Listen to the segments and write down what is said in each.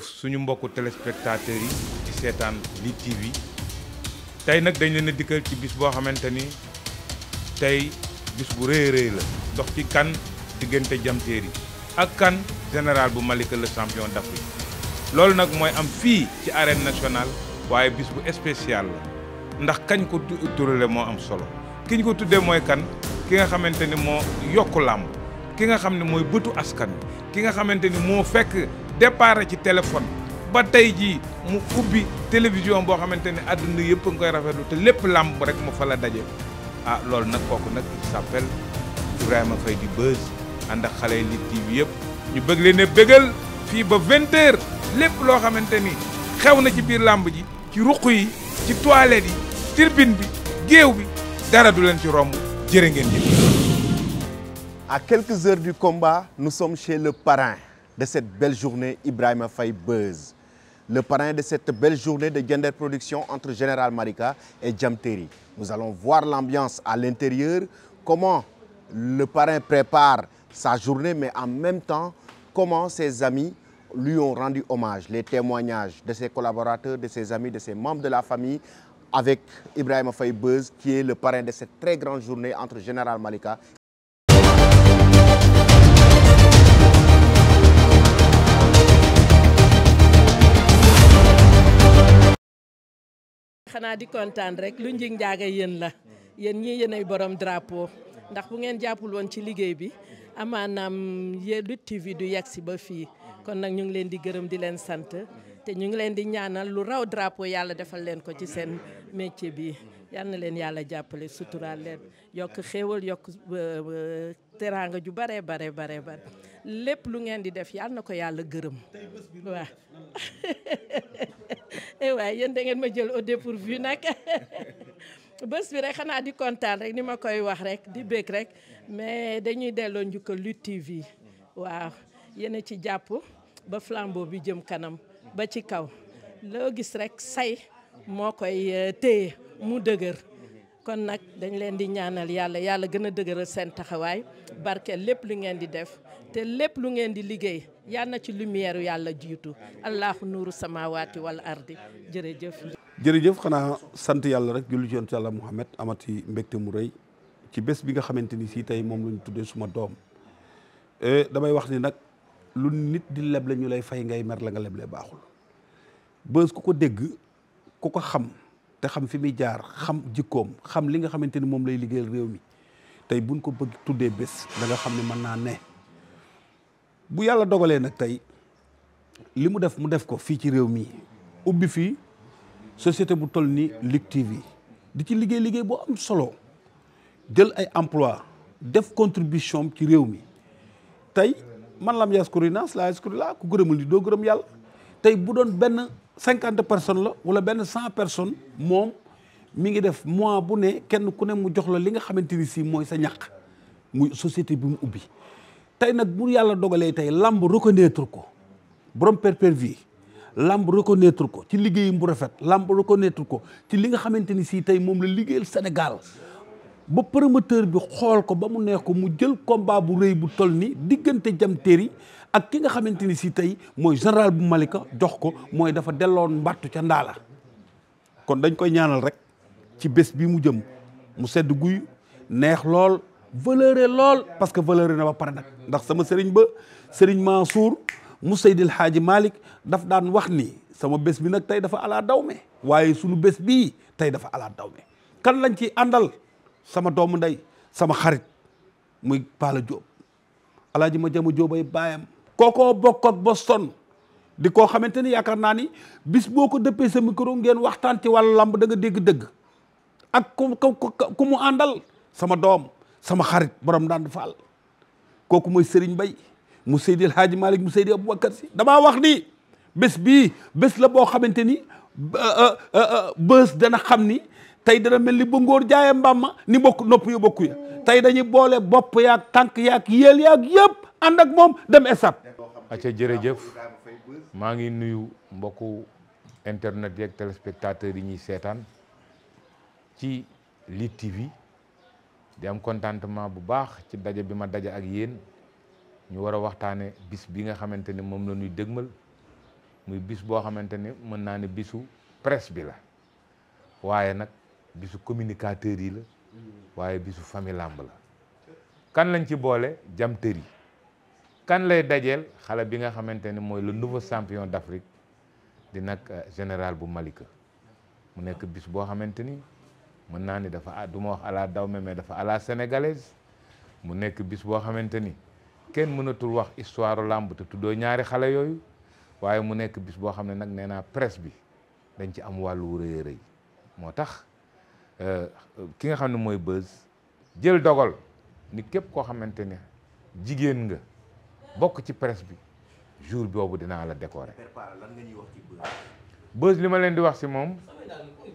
jërëjëf suñu mbokku téléspectateurs yi ci seetaan li TV tey nag dañ leen a dikkal ci bis boo xamante ni tey bis bu rëy rëy la dox ci kan diggante jamteer yi ak kan général bu Malika le champion d'Afrique loolu nag mooy am fii ci arène nationale waaye bis bu spécial la ndax kañ ko turale moo am solo kiñ ko tuddee mooy kan ki nga xamante ni moo yokku làmb ki nga xam ne mooy bëtu askan ki nga xamante moo fekk départ ci téléphone ba tey jii mu ubbi télévision boo xamante ne àdduna yëpp nga koy rafetlu te lépp làmb rek mu fala daje a ah, loolu nag kooku nag il s'appelle Ibrahima Faye di buzz ànd ak xale yi Lutte yëpp ñu bëgg leen a bëggal fii ba vingt heures lépp loo xamante ni xew na ci biir làmb ji ci ruq yi ci toilette yi bi géew bi dara du leen ci romb jërë ngeen jëf. À quelques heures du combat nous le parrain. de cette belle journée, Ibrahim Faye Buzz. Le parrain de cette belle journée de gender production entre Général Marika et Jamteri. Nous allons voir l'ambiance à l'intérieur, comment le parrain prépare sa journée, mais en même temps, comment ses amis lui ont rendu hommage. Les témoignages de ses collaborateurs, de ses amis, de ses membres de la famille, avec Ibrahim Faye Buzz, qui est le parrain de cette très grande journée entre Général Malika xanaa di kontaan rek lu njig njaaga yéen la yéen ñii yéenay borom drapo ndax bu ngeen jàppul woon ci liggéey bi amaanaam yéen Lutte TV du yegg si ba fii kon nag ñu ngi leen di gërëm di leen sant te ñu ngi leen di ñaanal lu raw drapeau yàlla defal leen ko ci seen métier bi yal leen yàlla jàppale suturaal leen yokk xéewal yokk euh, euh, teraanga ju bare bare bare bare lépp lu ngeen di def yal na ko yàlla gërëm waaw eh waay yéen da ngeen ma jël au dépourvu nag bés bi rek xanaa di kontaan rek ni ma koy wax rek di bég rek mais dañuy delloo njukkal Lutte TV waaw yéen ci jàpp ba flambeau bi jëm kanam ba ci kaw loo gis rek say moo koy euh, téye mu dëgër kon nag dañ leen di ñaanal yàlla yàlla gën a dëgëral seen taxawaay barke lépp lu ngeen di def te lépp lu ngeen di liggéey yal na ci lumière yàlla jiitu allahu nuuru samawaati wal ardi jërëjëf jërëjëf xanaa sant yàlla rek julli ci yonent yàlla Muhammad amati mbégte mu rëy ci bés bi nga xamante ni si tey moom la ñu tuddee suma doom eh, damay wax ni nag lu nit di leble ñu lay fay ngay mer la nga leble baaxul bës ku ko dégg ku ko xam te xam fi muy jaar xam jikkoom xam li nga xamante ni moom lay liggéeyal réew mi tey buñ ko bëgg tuddee bés da xam ne mën naa ne bu yàlla dogalee nag tey li mu def mu def ko fii ci réew mi ubbi fii société bu toll ni Lutte TV di ci liggéey liggéey boo am solo jël ay emploi def contribution ci réew mi tey man lam yaskuri naas laa yaskuri laa ku gërëmul ni doo gërëm yàlla tey bu doon benn cinquante personne la wala benn cent personne moom mi ngi def mois bu ne kenn ku ne mu jox la li nga xamante ni si mooy sa ñaq muy société bi mu ubbi tey nag bu yàlla dogalee tey lamb reconnaître ko borom perpervi lamb reconnaître ko ci liggéeyam bu rafet lamb reconnaître ko ci li nga xamante ni si tey moom la liggéeyal Sénégal ba promoteur bi xool ko ba mu neex ko mu jël combat bu bu toll ni diggante jam téeri ak ki nga xamante ni si tey mooy général bu Malika jox ko mooy dafa delloon mbattu ca ndaala kon dañ koy ñaanal rek ci bés bi mu jëm mu sedd guy neex lool valeuré lool parce que valeuré na ba pare nag ndax sama sëriñ ba sëriñ Mansour mu Seydil xaaji Malick daf daan wax ni sama bés bi nag tey dafa alaa daw me waaye sunu bés bii tey dafa alaa daw me kan lañ ci àndal sama doomu ndey sama xarit muy Paala Jóob alaaji ma jama jóobay baayam kookoo bokk ak Boston di koo xamante ni yaakaar naa ni bis boo ko dëppee sa micro ngeen waxtaan ci wàllu lamb da nga dégg dëgg ak ku mu àndal sama doom sama xarit borom daan faal kooku mooy Serigne Bay mu Seydi El Hadji Malick mu Seydi Aboubacar Si damaa wax ni bés bi bés la boo xamante ni euh, euh, euh, bés dana xam ni tey dana mel ni ba ngóor jaaye mbaam ma ni bokk nopp yu bokku ya tey dañuy boole bopp yaag tànk yaag yéel yaag yëpp ànd ak moom dem esat acca jërëjëf maa ngi nuyu mbokku internet te téléspectateurs yi ñuy seetaan ci Lutte TV di am contentement bu baax ci daje bi ma daje ak yéen ñu war a waxtaane bis bi nga xamante ne moom la ñuy dëgmal muy bis boo xamante ne mën naa ne bisu presse bi la waaye nag bisu communicateurs yi la waaye bisu famille làmb la kan lañ ci boole jam tëri kan lay dajeel xale bi nga xamante ne mooy le nouveau champion d'Afrique di nag euh, général bu Malika mu nekk bis boo xamante mën naa ni dafa ah, du ma wax à daw dawme mais dafa à la mu nekk bis boo xamante ni kenn mënatul wax histoire làmb te tuddoo ñaari xale yooyu waaye mu nekk bis boo xam ne nag nee naa presse bi dañ ci am wàllu rëy rëy moo tax euh, ki nga xam ne mooy bës jël dogal ni képp koo xamante ne jigéen nga bokk ci presse bi jour boobu dinaa la décorer. lan li ma leen di wax si moom.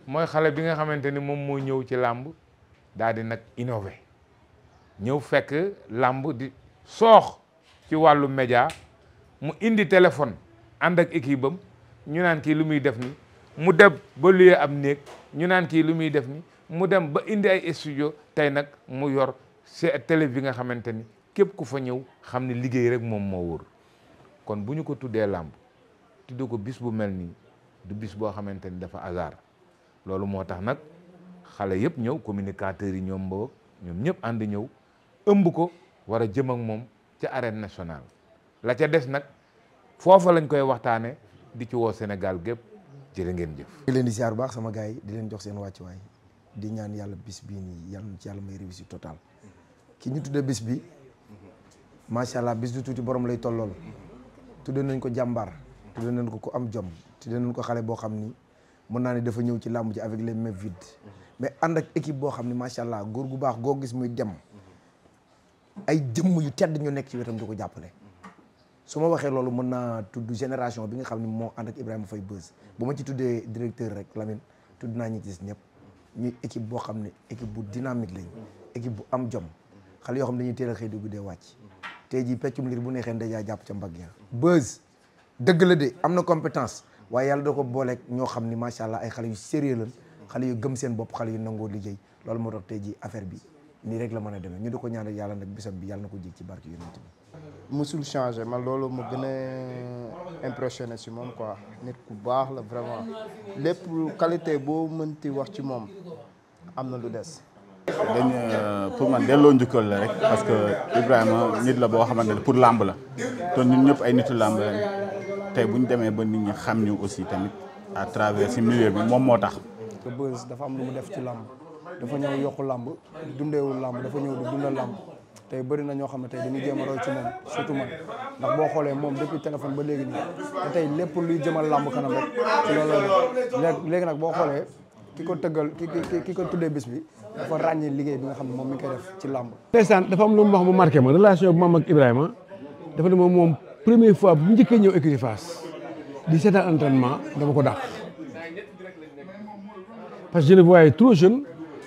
mooy xale bi nga xamante ni moom moo ñëw ci làmb daal nag innové ñëw fekk làmb di soox ci wàllu média mu indi téléphone ànd ak équipe am ñu naan kii lu muy def nii mu dem ba luyee am néeg ñu naan kii lu muy def mu dem ba indi ay studio tey nag mu yor télé bi nga xamante ni képp ku fa ñëw xam ne liggéey rek moom moo wóor kon bu ñu ko tuddee làmb tudd ko bis bu mel nii du bis boo xamante ni dafa hasard loolu moo tax nag xale yëpp ñëw communicateurs yi ñoom mboog ñoom ñëpp ànd ñëw ëmb ko war a jëm ak moom ca arène nationale la ca des nag foofa lañ koy waxtaane di ci woo Sénégal gépp jërë ngeen jëf di leen di ziar baax sama gars yi di leen jox seen wàccuwaay di ñaan yàlla bis bi nii yàlla ci yàlla may réussite totale ki ñu tuddee bis bi macha allah bis du tuuti boroom lay tollool tuddee nañ ko jàmbar tuddee nañ ko ku am jom tuddee nañ ko xale boo xam ni mën naa ne dafa ñëw ci làmb ci avec les mains vides mhm. mais ànd ak équipe boo xam ne macha allah góor gu baax goo gis muy dem mhm. ay jëmm yu tedd ñu nekk ci wetam di ko jàppale. Mhm. su ma waxee loolu mën naa tudd génération bi nga xam ni moo ànd ak Ibrahima Faye Beuz bu ma ci tuddee directeur rek lamin tudd naa ñu gis ñëpp ñuy équipe boo xam ne équipe bu dynamique lañ équipe bu am jom xale yoo xam ne dañuy teel a xëy di guddee wàcc te jii peccum liir bu neexee ndeyjaa jàpp ca mbagg ya Beuz dëgg la am na compétence waaye yàlla da ko booleeg ñoo xam ni macha allah ay xale yu sérieux lañ xale yu gëm seen bopp xale yu nangoo liggéey loolu moo tax tey ji affaire bi nii rek la mën a demee ñu di ko ñaanal yàlla nag bisam bi yàlla na ko jig ci barke yonent bi sul changé ma loolu mu gën a impressionné si moom quoi nit ku baax la vraiment lépp qualité boo mënti wax ci moom am na lu des dañ euh, pour man delloo njukkal la rek parce que Ibrahima nit la boo xamante ne pour làmb la te ñun ñëpp ay nitu làmb la tey bu ñu demee ba nit ñi xam ñu aussi tamit à travers si bi moom moo tax. que dafa am lu mu def ci làmb dafa ñëw yokku làmb dundeewul làmb dafa ñëw di dundal làmb tey bëri na ñoo xam ne dañuy jéem ci moom surtout man boo xoolee moom depuis téléphone ba léegi tey lépp luy jëmal làmb kanam rek ci loolu léegi nag boo xoolee ki ko tëggal ki ki ko tuddee bis bi dafa ràññee liggéey bi nga xam ne moom mi ngi def ci làmb. ndeysaan am lu mu wax bu marqué ma relation bu ma am ak Ibrahima dafa ne moom moom première fois bu njëkkee ñëw écurie Fass di seetaan entraînement dama ko dàq parce que je le voyais trop jeune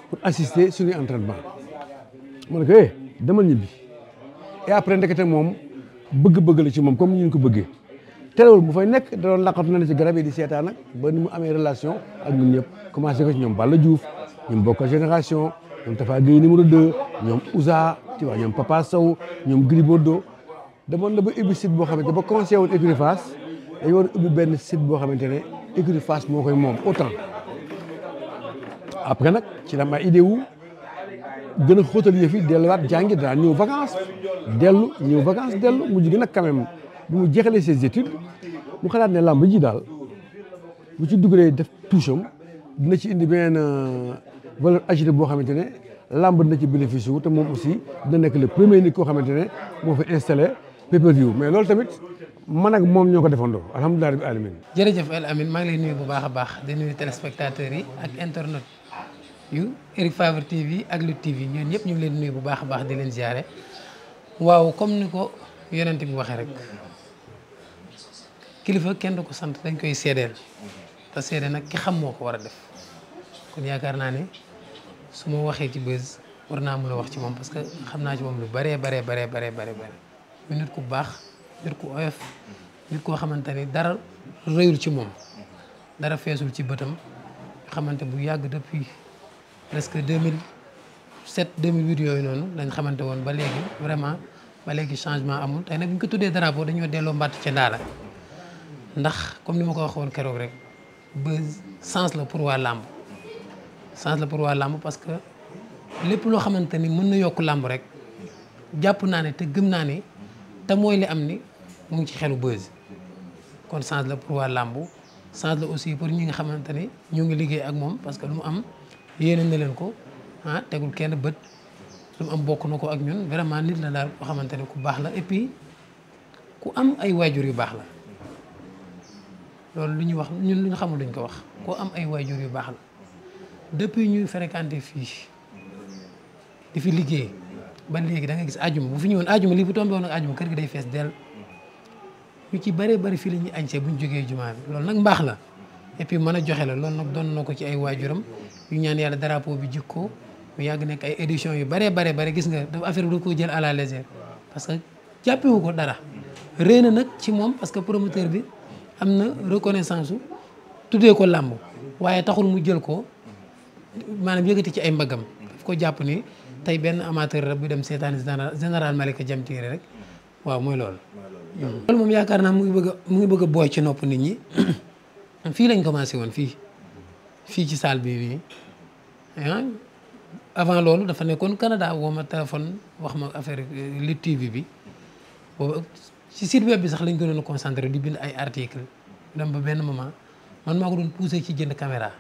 pour assister suñuy entraînement ma ne ko eh demal ñibbi et après ndekete moom bëgg-bëgg la ci moom comme ni ñu ko bëggee terewul bu fay nekk da doon laqatu na ne ci garab yi di seetaan ak ba ni mu amee relation ak ñun ñëpp commencé ko ci ñoom Balla Diouf ñoom bokk génération ñoom Tafa Gueye numéro 2 ñoom Ousa tu vois ñoom Papa Sow ñoom Gris Bordeaux demoon na ba ubbi site boo xamante ba conseillé woon écurie Fass dañu war ubbi benn site boo xamante ne écurie Fass moo koy moom autant après nag ci la ma idée wu gën a xóotal yëf yi delluwaat jàngi dara ñëw vacances dellu ñëw vacances dellu mujj nag quand même bi mu jeexalee ses études mu xalaat ne làmb ji daal mu ci dugalee def toucham dina ci indi benn euh, valeur ajoutée boo xamante ne làmb dina ci bénéfice wu te moom aussi dina nekk le premier nit koo xamante ne moo fi installé pay-per-view mais loolu tamit man nag moom ñoo ko defandoo alhamdulilah rabbi alamin jërëjëf El Amine maa ngi lay nuyu bu baax a baax di nuyu téléspectateurs yi ak internet yu Eric Favre TV ak Lutte TV ñoom ñëpp ñu ngi leen nuyu bu baax a baax di leen ziare waaw comme ni ko yonent bi waxee rek kilifa kenn du ko sant dañ koy seedeel te nag ki xam moo ko war a def kon yaakaar naa ne su ma waxee ci bés war naa mën a wax ci moom parce que xam naa ci moom lu bëree baree baree baree bare mu nit ku baax nit ku oyof nit koo xamante ni dara rëyul ci moom dara feesul ci bëtam xamante bu yàgg depuis presque 2007 2008 yooyu noonu lañ xamante woon ba léegi vraiment ba léegi changement amul te nag bu ñu ko tuddee drapeau dañoo delloo mbàtt ca ndaala ndax comme ni ma ko waxoon keroog rek ba sens la pour waa làmb sens la pour waa làmb parce que lépp loo xamante ni mën na yokk làmb rek jàpp naa ne te gëm naa ne te mooy li am ni mu ngi ci xelu buzz kon chance la pour waa làmbu chance la aussi pour ñi nga xamante ni ñu ngi liggéey ak moom parce que lu mu am yéene na leen ko ah tegul kenn bët lu mu am bokk na ko ak ñun vraiment nit la daal koo xamante ni ku baax la et puis ku am ay waajur yu baax la loolu lu ñuy wax ñun lu ñu xamul luñ ko wax koo am ay waajur yu baax la depuis ñuy fréquenté fii di fi liggéey ba léegi da nga gis ajuma bu fi ñëwoon ajuma lii bu tombé woon ak ajuma kër gi day fees dell ñu ci bëree bëri fii la ñuy añsee bu ñu jógee jumaa loolu nag mbaax la et puis mën a joxe la loolu nag doon na ko ci ay waajuram yu ñaan yàlla drapeau bi ko mu yàgg nekk ay édition yu bëree bare bëri gis nga dafa affaire bi da koo jël à la légère parce que jàppewu ko dara réy na nag ci moom parce que promoteur bi am na reconnaissance su tuddee ko làmb waaye taxul mu jël ko maanaam yëkkati ci ay mbagam jàpp ni tey benn amateur rek bu dem seetaani général Malika jam téere rek waaw mooy loolu. loolu moom yaakaar naa mu ngi bëgg mu ngi bëgg booy ci nopp nit ñi fii lañ commencé woon fii fii ci salle bi nii avant loolu dafa nekkoon Canada woo ma téléphone wax ma affaire euh, li TV bi boobu ci site web bi sax lañ ko doon concentré di bind ay article dem ba benn moment man maa ko doon poussé ci jënd caméra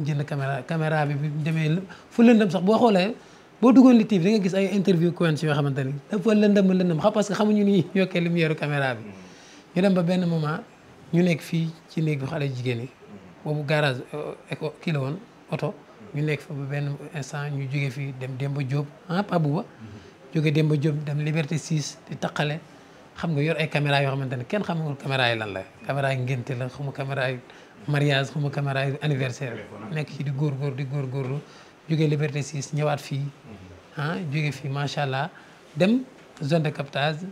jënd caméra caméra bi bi demee fu lëndëm sax boo xoolee. boo duggoon li TV di nga gis ay interview Quench yoo xamante ni dafa lëndëm lëndëm xam parce que xamuñu ni yokkee lumière caméra bi mm-hmm. ñu dem ba benn moment ñu nekk fii ci néeg bi xale jigéen yi mm-hmm. boobu garage euh, éco kii woon oto mm-hmm. ñu nekk fa ba benn instant ñu jóge fii dem Demba Diop ah Pabouba jóge Demba Diop dem Liberté 6 taqale xam nga yor ay caméra yoo xamante ne kenn xamul caméra lan la caméra yi ngénte la xamu caméra mariage xamu camera yi anniversaire nekk ci di góor góor di góor góorgóorlu jóge Liberté 6 ñëwaat fii ah jóge fii macha allah dem zone de captage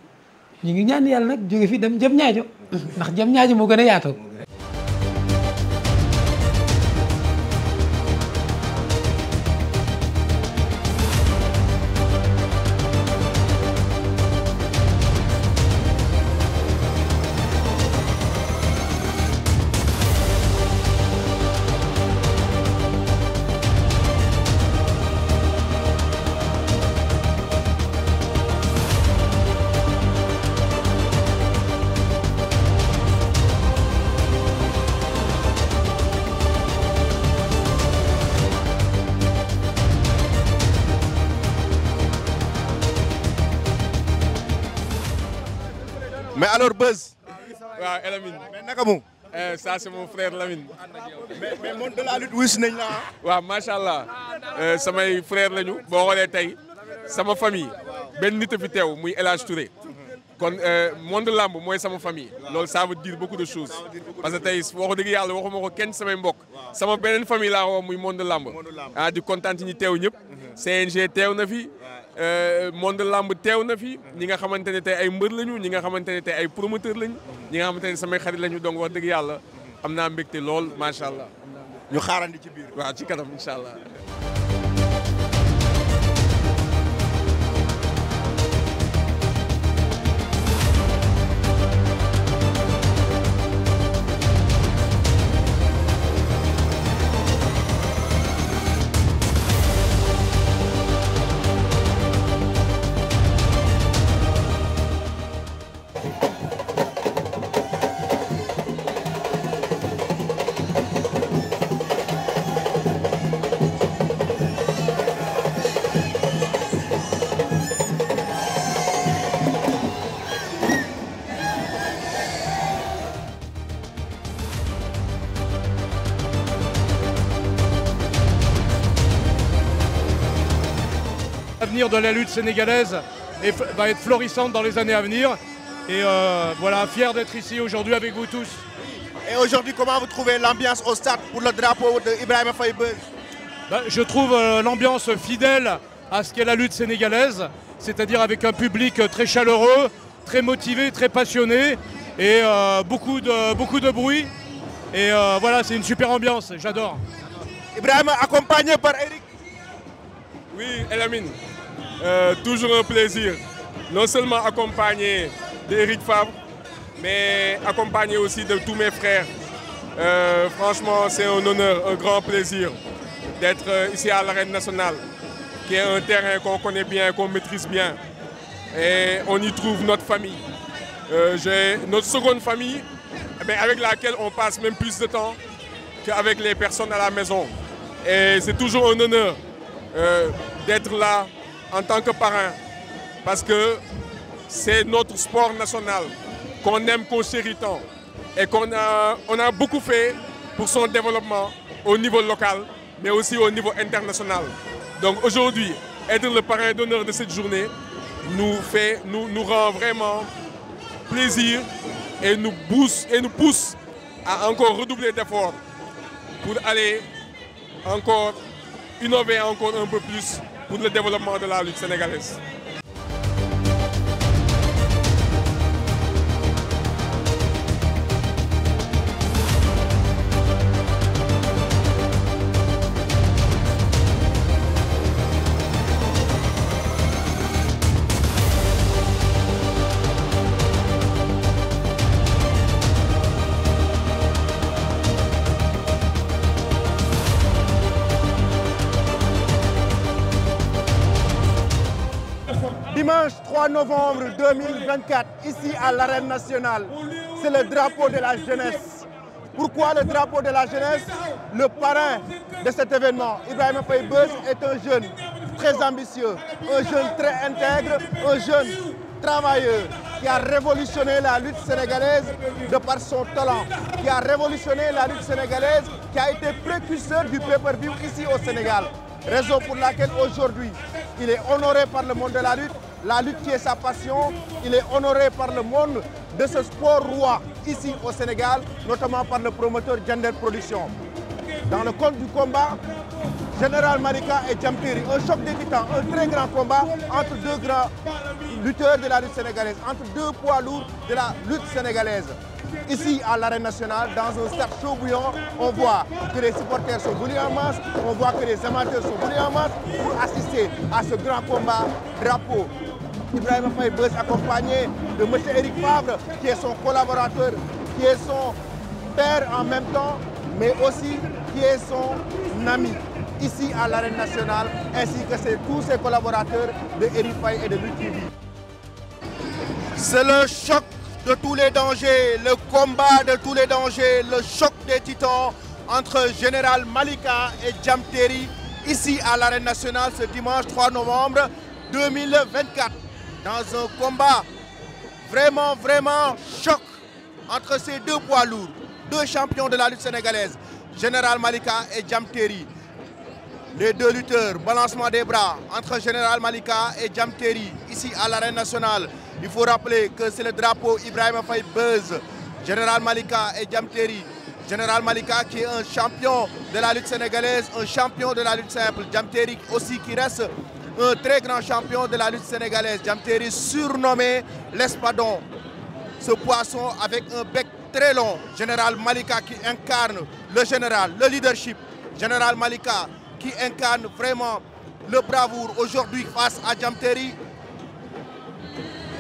ñu ngi ñaan yàlla nag jóge fii dem jëm ñaajo ndax jëm ñaajo moo gën a yaatoo mais alors Buzz. waaw Elamine. mais naka mu. sa eh, c'est mon frère Lamine. mais mais monde de la lutte wis nañ la ah. waaw macha allah eh, samay frère lañu boo xoolee tey sama famille benn nit a fi teew muy El Hadj Touré. kon eh, monde lamb mooy sama famille. lool ça veut dire beaucoup de choses. parce que tey waxu dëgg yàlla waxuma ko kenn samay mbokk. sama beneen famille laa wax muy monde làmb. ah di kontaan ci ñi teew ñëpp. Mhm. CNG teew na fi. Euh, monde lamb teew na fi ñi nga xamante ne tey ay mbër lañu ñi nga xamante ne tey ay promoteur lañu ñi nga xamante ne samay xarit lañu dong wax dëgg yàlla am naa mbégte lool macha allah. ñu xaarandi ci biir. waaw ci kanam incha allah. l'avenir de la lutte sénégalaise et va être florissante dans les années à venir. Et euh, voilà, fier d'être ici aujourd'hui avec vous tous. Et aujourd'hui, comment vous trouvez l'ambiance au stade pour le drapeau d'Ibrahim Faïbeuz ben, Je trouve euh, l'ambiance fidèle à ce qu'est la lutte sénégalaise, c'est-à-dire avec un public euh, très chaleureux, très motivé, très passionné et beaucoup, de, beaucoup Et voilà, c'est une super j'adore. Ibrahim accompagné par Eric. Oui, Elamine. Euh, toujours un plaisir, non seulement accompagné d'Éric Favre, mais accompagné aussi de tous mes frères. Euh, franchement, c'est un honneur, un grand plaisir d'être euh, ici à l'Arène nationale, qui est un terrain qu'on connaît bien, qu'on maîtrise bien. Et on y trouve notre famille. Euh, J'ai notre seconde famille, mais avec laquelle on passe même plus de temps qu'avec les personnes à la maison. Et c'est toujours un honneur euh, d'être là, en tant que parrain parce que c'est notre sport national qu'on aime, qu'on chérit tant et qu'on a, beaucoup fait pour son développement au niveau local mais aussi au niveau international. Donc aujourd'hui, être le parrain d'honneur de cette journée nous fait, rend vraiment plaisir et nous booste et nous pousse à encore redoubler d'efforts pour aller encore innover encore un peu plus pour le développement de la lutte sénégalaise. novembre 2024 ici à l'arène nationale c'est le drapeau de la jeunesse pourquoi le drapeau de la jeunesse le parrain de cet événement Ibrahima Faye Beuz est un jeune très ambitieux un jeune très intègre un jeune travailleur qui a révolutionné la lutte sénégalaise de par son talent qui a révolutionné la lutte sénégalaise qui a été précurseur du pay ici au Sénégal raison pour laquelle aujourd'hui il est honoré par le monde de la lutte La lutte qui est sa passion, il est honoré par le monde de ce sport roi ici au Sénégal, notamment par le promoteur Gender Production. Dans le compte un choc débutant, un très grand combat entre deux poids lourds de la lutte sénégalaise. Ici, à l'arène nationale, dans un stade chaud bouillant, on voit que les supporters sont venus en masse, on voit que les amateurs sont venus en masse pour assister à ce grand combat drapeau Ibrahima Faye Beuz en même temps mais aussi qui est son ami ici à l'arène nationale ainsi que ses, tous ses collaborateurs de Eric Faye et de les dangers, le combat de tous les dangers, le choc des titans entre Général Malika et Diam Terry ici à l'arène nationale ce dimanche 3 novembre dans un combat vraiment, vraiment choc entre ces deux poids lourds, deux champions de la lutte sénégalaise, Général Malika et Jam Terry. Les deux lutteurs, balancement des bras entre Général Malika et Jam Terry, ici à l'arène nationale. Il faut rappeler que c'est le drapeau Ibrahim Faye Buzz, Général Malika et Jam Terry. Général Malika qui est un champion de la lutte sénégalaise, un champion de la lutte simple. Jam Terry aussi qui reste un très grand champion de la lutte sénégalaise, Diam Terry, surnommé l'Espadon. Ce poisson avec un bec très long, Général Malika qui incarne le général, le leadership. Général Malika qui incarne vraiment le bravoure aujourd'hui face à Diam Terry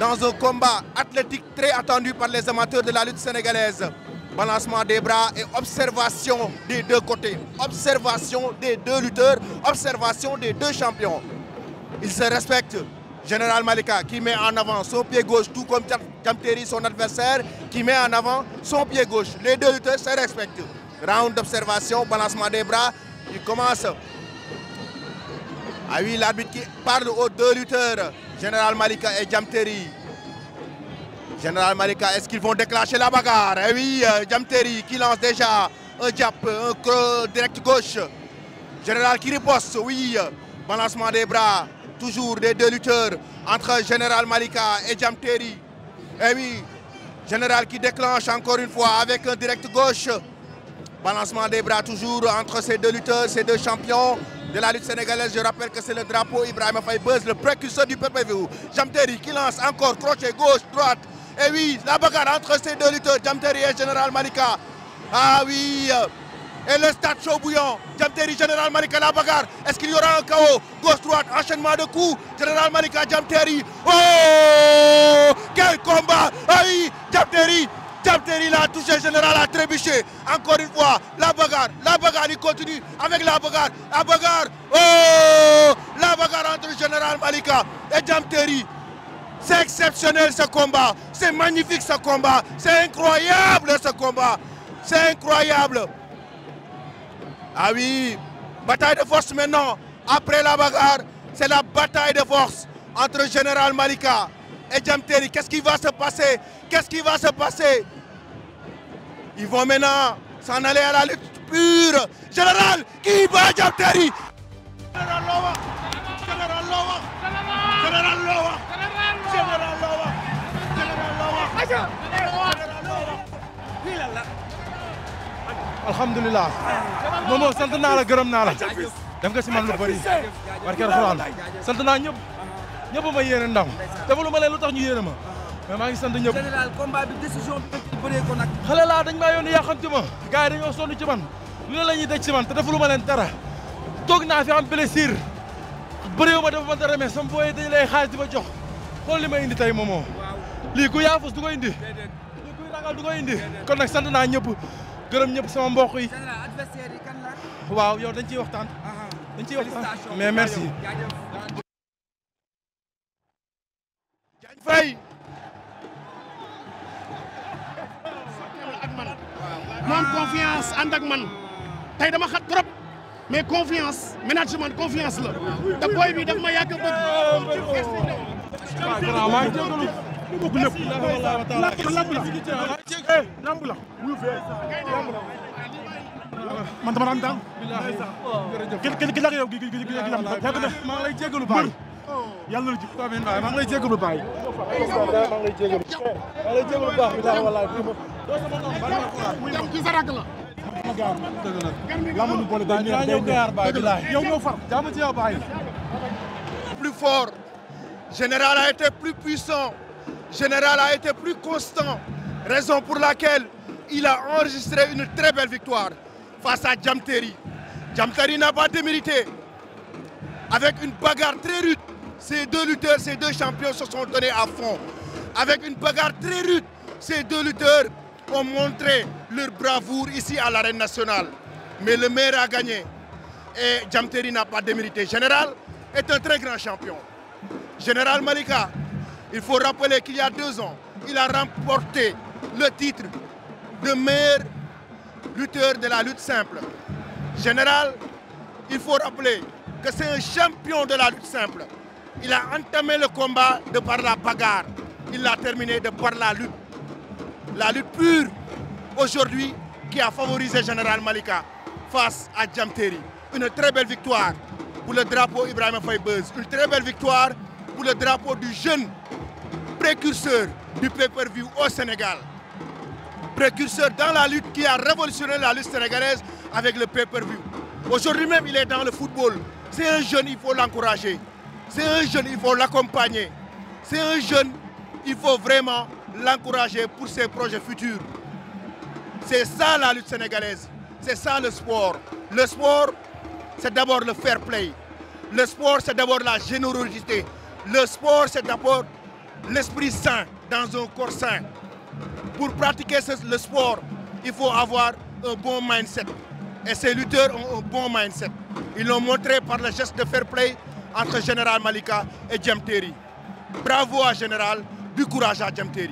dans un combat athlétique très attendu par les amateurs de la lutte sénégalaise. Balancement des bras et observation des deux côtés. Observation des deux lutteurs, observation des deux champions. Il se respecte. Général Malika qui met en avant son pied gauche, tout comme Kamteri, son adversaire, qui met en avant son pied gauche. Les deux lutteurs se respectent. Round d'observation, balancement des bras, il commence. Ah oui, l'arbitre qui parle aux deux lutteurs, Général Malika et Jamteri. Général Malika, est-ce qu'ils vont déclencher la bagarre Eh oui, Jamteri euh, qui lance déjà un jab, direct gauche. Général qui oui, euh, balancement des bras. toujours des deux lutteurs entre Général Malika et Jam Terry. Et eh oui, Général qui déclenche encore une fois avec un direct gauche. Balancement des bras toujours entre ces deux lutteurs, ces deux champions de la lutte sénégalaise. Je rappelle que c'est le drapeau Ibrahim Faybuzz, le précurseur du PPV. Jam Terry qui lance encore crochet gauche, droite. Et eh oui, la bagarre entre ces deux lutteurs, Jam Terry et Général Malika. Ah oui, et le stade chaud bouillant Diamtéry Général Malika la bagarre est-ce qu'il y aura un chaos gauche enchaînement de coups Général Malika Diamtéry oh quel combat aïe Diamtéry Diamtéry l'a touché Général a trébuché encore une fois la bagarre la bagarre il continue avec la bagarre la bagarre oh la bagarre entre Général Malika et Diamtéry c'est exceptionnel ce combat c'est magnifique ce combat c'est incroyable ce combat c'est incroyable Ah oui, bataille de force maintenant. Après la bagarre, c'est la bataille de force entre Général Malika et Jamteri. Qu'est-ce qui va se passer Qu'est-ce qui va se passer Ils vont maintenant s'en aller à la lutte pure. Général, qui bat Jamteri alhamdulilah. Momo sant naa la gërëm naa la. def nga si man lu bëri barke alxuraan sant naa ñëpp ñëpp ma yéene ndam defalu ma leen lu tax ñu yéene ma mais maa ngi sant ñëpp général combat bi décision bëree ko nag xale laa dañ maa yónni yàqamti ma gars yi dañoo sonn lu ne la ñuy daj ci man te defalu ma leen dara toog naa fi am ma dafa ma dara mais sama booyee dañ lay xaalis di ma jox xool ma indi tey moomoo lii ku yaafus du ko indi lii ku ragal du indi kon nag sant naa ñëpp gërëm ñëpp sama mbokk yi. waaw yow dañ ciy waxtaan. Ah, ah. dañ ciy waxtaan mais merci. Diagne Faye. moom confiance ànd ak man tey dama xat trop mais confiance management confiance la te booy bi daf ma yàgg a bëgg. eh lamb la wuyu fee lamb la gi la yow gi gi gi la maa lay jégalu baay. yàlla na ji ko amiin baay maa ngi lay ci sa rakk la. ma gaar dëgg la. lamb ñu far jàmm ci yow baay. plus fort. Général a été plus puissant. Général a été plus constant. Raison pour laquelle il a enregistré une très belle victoire face à Jamteri. Jamteri n'a pas démérité. Avec une bagarre très rude, ces deux lutteurs, ces deux champions se sont donnés à fond. Avec une bagarre très rude, ces deux lutteurs ont montré leur bravoure ici à l'arène nationale. Mais le maire a gagné. Et Jamteri n'a pas démérité. Général est un très grand champion. Général Malika, il faut rappeler qu'il y a deux ans, il a remporté le titre de meilleur lutteur de la lutte simple. Général, il faut rappeler que c'est un champion de la lutte simple. Il a entamé le combat de par la bagarre. Il l'a terminé de par la lutte. La lutte pure, aujourd'hui, qui a favorisé Général Malika face à Jamteri. Une très belle victoire pour le drapeau Ibrahim Faybez. Une très belle victoire pour le drapeau du jeune précurseur du pay per au Sénégal. précurseur dans la lutte qui a révolutionné la lutte sénégalaise avec le pay Aujourd'hui même, il est dans le football. C'est un jeune, il faut l'encourager. C'est un jeune, il faut l'accompagner. C'est un jeune, il faut vraiment l'encourager pour ses projets futurs. C'est ça la lutte sénégalaise. C'est ça le sport. Le sport, c'est d'abord le fair play. Le sport, c'est d'abord la générosité. Le sport, c'est d'abord l'esprit sain dans un corps sain. Pour pratiquer le sport, il faut avoir un bon mindset. Et ces lutteurs ont un bon mindset. Ils l'ont montré par le geste de fair play entre Général Malika et Djem Terry. Bravo à Général, du courage à Terry.